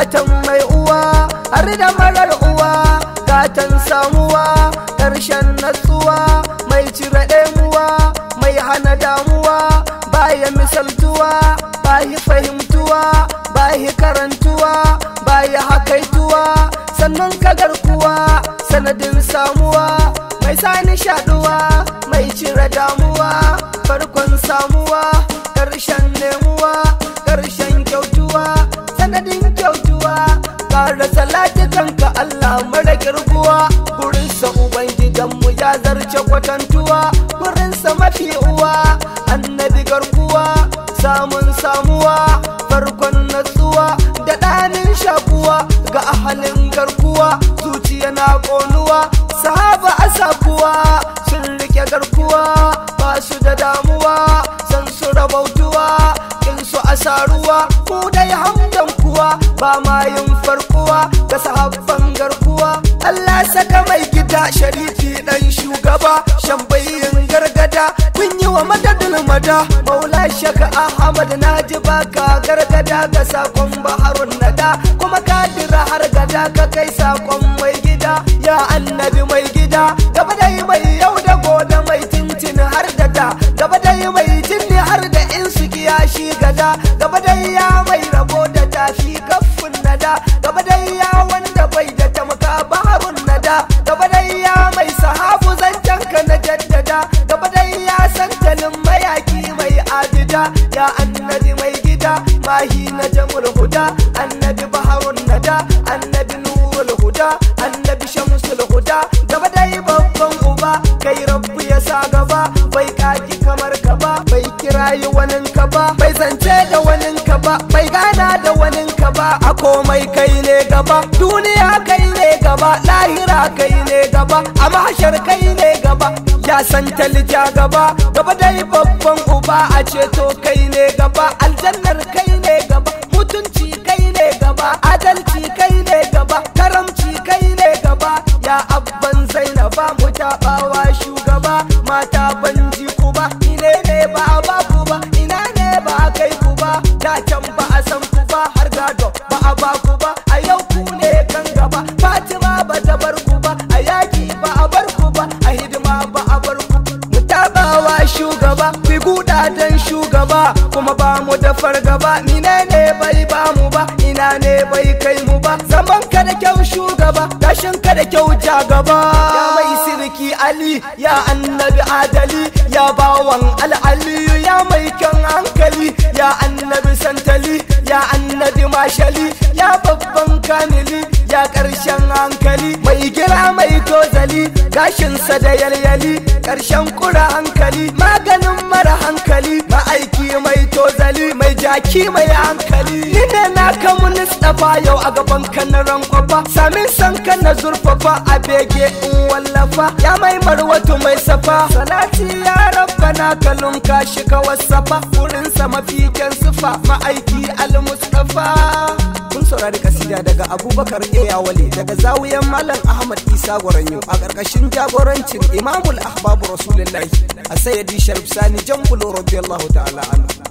gatan mai uwa har da marar uwa gatan samuwa ƙarshen natsuwa mai cire ɗemuwa mai hana damuwa baya misaltuwa bahi fahimtuwa bahi karantuwa baya hakaituwa sannan ka garkuwa sanadin samuwa mai sa nishaɗuwa mai cire damuwa farkon samuwa karshen nemuwa karshen kyautuwa sanadin ƙara salati kanka Allah mara kirguwa gurinsa ubangidanmu ya zarce kwatantuwa sa mafi uwa annabi garkuwa samun samuwa farkon natsuwa da ɗanin shakuwa ga ahalin garkuwa zuciya na ƙonuwa sahaba asakuwa sun rike garkuwa ba su da damuwa san su rabautuwa kin su asaruwa ku dai hamdan uwa ba ma yin farkuwa da sahabban garkuwa Allah saka mai gida shariki dan shugaba bayin gargada kun yi wa madadin mada maula shaka ahmad naji baka gargada ga sakon baharun nada kuma kadira har gada ka kai sakon mai gida ya annabi mai gida gaba dai mai yau da gobe mai tintin har da da gaba dai mai tinni har da in su kiya shi gada gaba dai ya mai ya annabi mai gida mahi na jamul huda annabi baharun nada annabi nurul huda annabi shamsul huda gaba dai babban uba kai rabbu ya sa gaba bai kaki kamar ka ba bai kirayi wanin ka ba bai zance da wanin ka ba bai gana da wanin ka ba a komai kai ne gaba duniya kai ne gaba lahira kai ne gaba a mahashar kai ne gaba ya san talita gaba gaba dai babban gaba a ceto kai ne gaba aljannar kai ne gaba mutunci kai ne gaba adalci kai ne gaba karamci kai ne gaba ya abban zainaba mu shugaba mata ban ji ku ba ine ne ba a ba ku ba ina ne ba a kai ku ba da can ba a san ku ba har gado ba a ba ku matan shugaba kuma ba mu da fargaba ni ne bai ba mu ba ina ne bai kai mu ba zaman ka da kyau shugaba tashin ka da kyau ja gaba ya mai sirki ali ya annabi adali ya bawan al'ali ya mai kyan hankali ya annabi santali ya annabi mashali ya babban kamili ya karshen hankali mai gira mai koza hankali gashinsa da yalyali ƙarshen kura hankali maganin mara hankali ma'aiki mai tozali mai jaki mai hankali ni ne na ka yau a gaban ka na rankwafa samin san ka na zurfafa a bege in wallafa ya mai marwatu mai safa salati ya rabba na kalun ka shi ka wasafa wurin sa mafiken sufa ma'aiki al mustafa kun saurari kasida daga Abubakar Eyawale daga zawiyan Malam Ahmad Isa Gwaranyo a ƙarƙashin jagorancin Imamul Ahbabu Rasulullahi a sayyadi Sharif Sani Jambulo radiyallahu ta'ala anhu